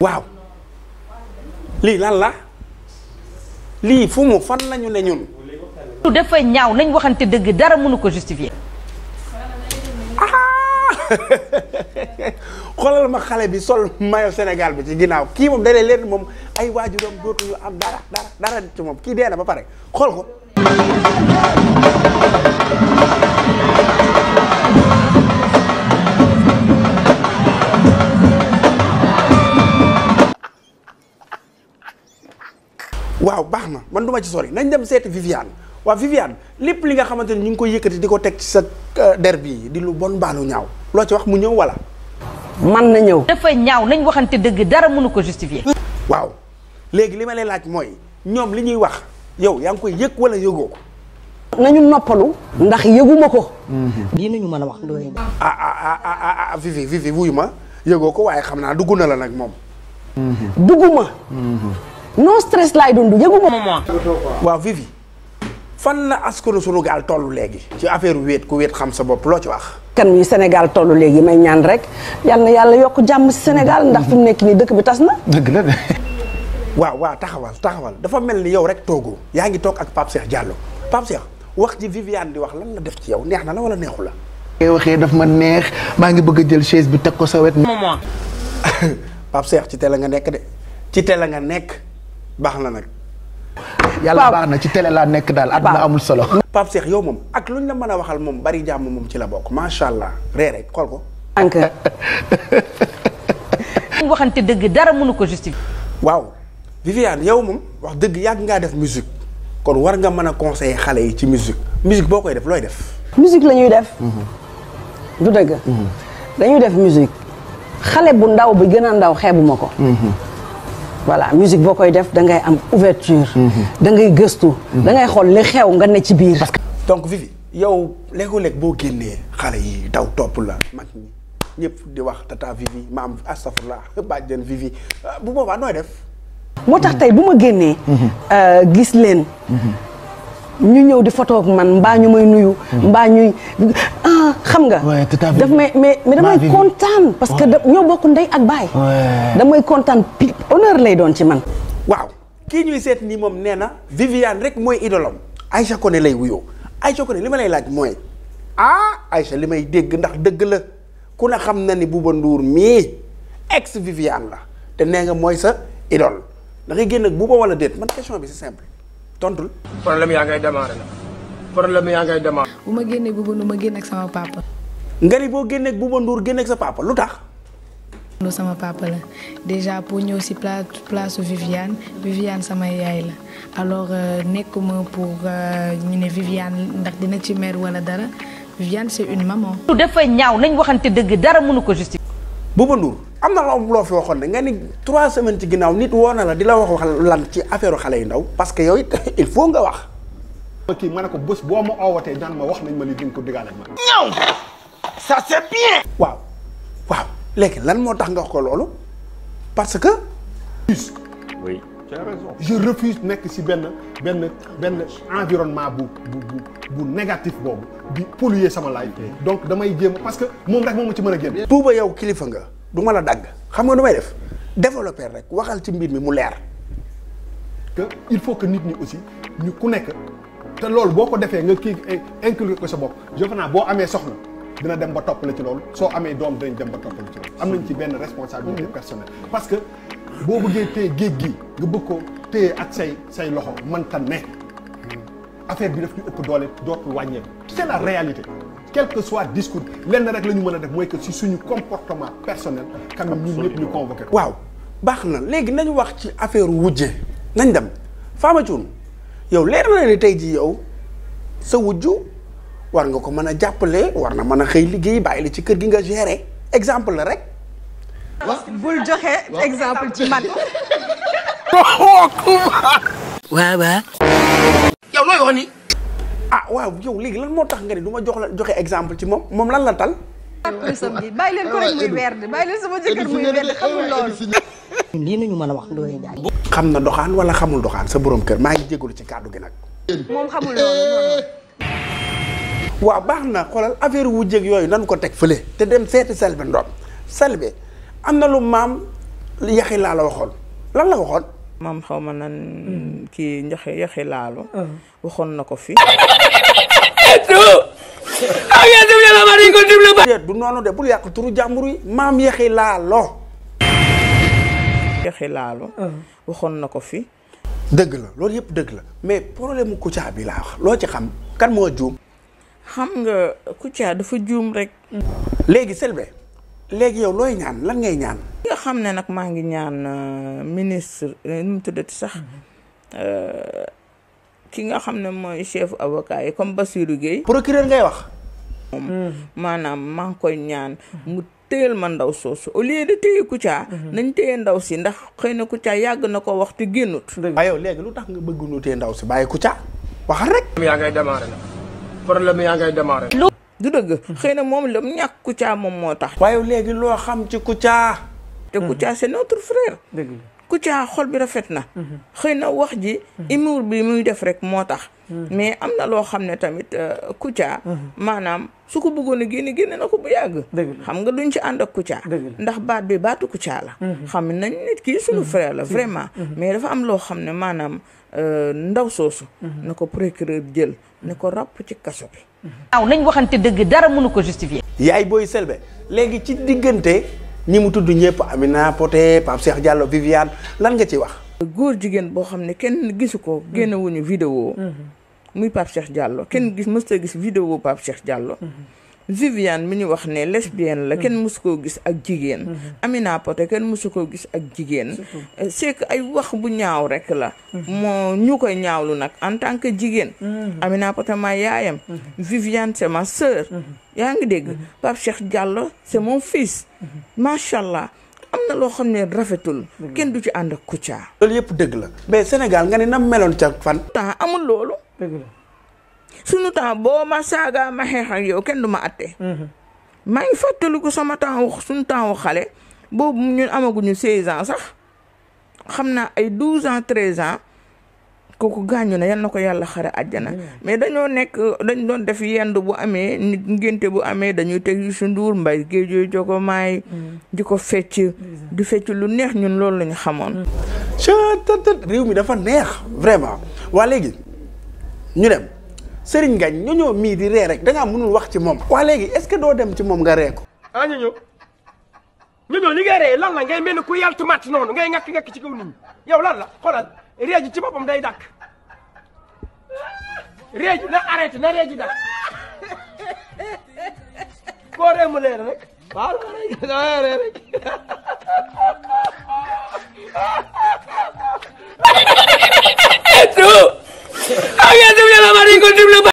waaw lii lan la lii fu mu fan lañu ne ñun. lu dafa ñaaw nañ waxante dëgg dara mënu ko justifier. Ah! xoolal ma xale bi sol maillot Sénégal bi ci ginnaaw kii moom dalee leen moom ay waajuram dootuñu am dara dara dara ci moom kii dee na ba pare xool ko. man du ma ci sori nañ dem seeti Viviane waa Viviane lépp li nga xamante ni ñu ngi ko yëkkati di ko teg ci sa euh, der bii di lu bon baalu ñaaw loo ci wax mu ñëw wala. man na ñëw. dafa ñaaw nañ waxante dëgg dara mënu ko justifier. waaw léegi li ma lay laaj mooy ñoom li ñuy wax yow yaa ngi koy yëg wala yëgoo ko. nañu noppalu. ndax yëguma ko. Mm-hmm. lii nañu mën a wax ndooy. ah ah ah, ah, ah, ah ma yëgoo ko waaye xam naa dugg na la nag moom. Mm-hmm. dugguma. Mm-hmm. non stress laay dund yëgu ma moment. waaw Vivi fan la askanu sunu gaal toll léegi. ci affaire wéet ku wéet xam sa bopp loo ci wax. kan wi Sénégal toll léegi may ñaan rek yàlla na yàlla yokk jàmm si Sénégal ndax fi mu nekk nii dëkk bi tas na. dëgg na de. waaw waaw taxawal taxawal dafa mel ni yow rek toogoo yaa ngi toog ak Pape Cheikh Diallo wax ji Viviane di wax lan la def ci yow neex na la wala neexu la. ngay waxee daf ma neex maa ngi bëgg a jël chaise bi teg ko sa wet. Pape Cheikh ci télé nga nekk de ci télé nga nekk. baax na nag. yàlla baax na ci tele laa nekk daal àdduna amul solo. Pape Cheikh yow moom ak luñ la mën a waxal moom bari jàmm moom ci la bokk macha allah ree rek xool ko. tànk. waxante dëgg dara mënu ko justifier. waaw Viviane yow moom wax dëgg yàgg ngaa def musique kon war nga mën a conseiller xale yi ci musique musique boo koy def looy def. musique la ñuy def. du dëgg. Mm-hmm. dañuy def musique xale bu ndaw bi gën a ndaw xeebu ko. Mm-hmm. voilà musique boo koy def da ngay am ouverture mhm. da ngay gëstu mhm. da ngay xool li xew nga ne ci biir donc Vivi yow léeg-léeg boo génnee xale yi daw topp la mag ñi ñëpp di wax tata Vivi maam ba bàjjen Vivi bu boobaa nooy def moo tax tey bu ma génnee mhm. euh, gis leen ñu ñëw di photo ak man mbaa ñu may nuyu. Hmm. mbaa ñuy ah xam nga. daf may mais mais damay kontaan. parce que ñoo bokk ndey ak baay. damay kontaan pi honneur lay doon ci man. waaw kii ñuy seet nii moom nee na Viviane rek mooy idolom Aïcha Koné lay wuyoo Aïcha Koné li ma lay laaj mooy ah Aïcha li may dégg ndax dëgg la ku ne xam na ni Bouba nduur mii ex Viviane la te nee nga mooy sa idole da ngay génn ak Bouba wala déet man question bi c'est simple. tontul. problème yaa ngay démarrer la problème yaa ngay démarrer. bu ma génnee Bouba nu ma génn ak sama papa. nga ni boo génneeg Bouba Ndour génneeg sa papa lu tax. Ndour sama papa la déjà pour ñëw si place place Viviane Viviane sama yaay la alors euh, nekkuma pour euh, ñu ne Viviane ndax dina ci mer wala dara Viviane c'est une maman. dafa ñaaw nañ waxante dëgg dara mënu ko justifier. Bouba Ndour am na loo fi waxoon ne nga ni trois semaines ci ginnaaw nit woo na la di la wax wax lan ci affaire xale yu ndaw parce que yow it il faut nga wax. ma kii ma ne ko bés boo ma oowatee daan ma wax nañ ma ni duñ ko digaale ma. ñëw ça c'est bien. waaw waaw léegi lan moo tax nga wax ko loolu parce que. oui. tu je refuse nekk si benn benn benn environnement bu bu bu bu négatif boobu di polluer sama life. Mm. donc damay jéem parce que moom rek moom ma ci mën a génn. Touba yow kilifa nga. duma la dagg xam nga nu may def développer rek waxal ci mbir mi mu leer. que il faut que nit ñi aussi ñu ku nekk te loolu boo ko defee nga kii eh, inculquer ko sa bopp jëf naa boo amee soxna dina dem ba topp la ci loolu soo amee doom dañ dem ba toppale ci loolu. am nañ ci benn responsabilité mm-hmm. personnelle. parce que boo bëggee téye géej gi nga bëgg ko téye ak say say loxo mënta ne. Mm-hmm. affaire bi daf ñu ëpp doole dootul wàññeeku c'est la réalité. quel que soit discours lenn rek la ñu mën a def mooy que si suñu comportement personnel quand même ñun ñëpp ñu convoqué ko waaw baax na léegi nañu wax ci affaire wujje nañ dem Fama yow leer na tey jii yow sa wujju war nga ko mën a jàppale war na mën a xëy liggéey bàyyi la ci kër gi nga geere exemple la rek bul joxe exemple ci man waaw oh, waaw yow nooy ah waaw yow léegi lan moo tax nga ni duma jox la joxe exemple ci moom moom lan la tal. bàyyi leen ko rek muy werd bàyyi sama jëkkër muy werd xamul loolu. lii nañu mën a wax Ndoye xam na doxaan wala xamul doxaan sa boroom kër maa ngi jégalu ci kàddu gi nag. moom xamul loolu. waaw baax na xoolal affaire wu jég yooyu nan ko teg fële te dem seeti selbe Ndom Selbé am na lu maam yaxi laa la waxoon lan la waxoon. maam xaw ma nan kii njoxe yoxe laalo ah. waxoon na ko fi du noonu de bul yàq turu jàmbur yi maam yaxi laalo yaxi laalo ah. waxoon na ko fi dëgg la loolu yëpp dëgg la mais problème Kouthia bi laa wax loo ci xam kan moo juum xam nga Kouthia dafa juum rek léegi Selbé léegi yow looy ñaan lan ngay ñaan. nga xam ne nag maa ngi ñaan euh, ministre euh, nu mu tuddati sax mm-hmm. euh, ki nga xam ne mooy chef avocat yi comme Bassirou Guèye. procureur ngay wax. Mm-hmm. maanaam maa ngi koy ñaan mm-hmm. mu téyel ma ndaw soosu au lieu de téye Kouthia. nañ téye ndaw si ndax xëy na Kouthia yàgg na ko wax te génnut. waaye yow léegi lu tax nga bëgg ñu téye ndaw si bàyyi Kouthia waxal rek. yaa ngay démarré problème yaa ngay démarré. du dëgg. xëy na moom la mu ñàkk Kouthia moom moo tax. waaye léegi loo xam ci Kouthia. te Kouthia c'est notre frère. Kouthia xol bi rafet na. xëy na wax ji. humour bi muy def rek moo tax. mais am na loo xam ne tamit euh, Kouthia. maanaam su ko buggoon a génn génne na ko bu yàgg. xam nga duñ ci ànd ak Kouthia. ndax baat bi baatu Kouthia la. Mhm. xam nañ nit kii suñu mhm. frère la mhm. vraiment. mais dafa am loo xam ne maanaam euh, ndaw soosu. na ko procureur jël ne ko ràpp ci kaso bi. waaw nañ waxante dëgg dara mënu ko justifier. yaay booy Selbé léegi ci diggante. ñi mu tudd ñëpp Amina Poté Pape Cheikh Diallo Viviane lan nga ci wax. góor jigéen boo xam ne kenn gisu ko. génnewuñu wuñu vidéo mm-hmm. muy Pape Cheikh Diallo kenn gis mësta gis vidéo Pape Cheikh Diallo. Mm-hmm. Viviane mi ñu wax ne lesbienne la kenn mosu mm-hmm. koo gis ak jigéen mm-hmm. Amina Poté kenn mosu koo gis ak jigéen euh, c'est ay wax bu ñaaw rek la mm-hmm. moo ñu koy ñaawlu nag en tant que jigéen Amina Poté ma yaayam Viviane c'est ma sœur yaa ngi dégg Pape Cheikh Diallo c'est mon fils macha allah am na loo xam ne rafetul kenn du ci ànd ak Kouthia loolu yëpp dëgg la mais Sénégal nga ne na meloon ca fan temps amul loolu suñu temps boo ma saagaa ma xeex yow kenn du ma atte mhm. maa ngi fàttaliku sama temps suñu temps xale boobu ñun amaguñu seize ans sax xam naa ay douze ans treize ans kooku gaañu na yal na ko yàlla xare àjjana mais dañoo nekk dañ doon def yend bu amee nit ngénte bu amee dañuy teg Youssou Ndour Mbaye Guèye jooy jogomaay mhm. di ko fecc di fecc lu neex ñun loolu lañu xamoon réew mi dafa neex vraiment waa léegi ñu dem Serigne Ngagne ñoñoo mii di ree rek da ngaa mënul wax ci moom waa léegi est-ce que doo dem ci moom nga ree ko ah ñoñoo ñoñoo li ngay ree lan la ngay mel ni ku yaltu matt noonu ngay ngakk-ngakk ci kaw nit ñi yow lan la xoolal ree ji ci boppam day dàkk ree ji na arrêté na ree ji dàkk koo ree mu leer rek waaw daa ree rek Había subido la maricón triple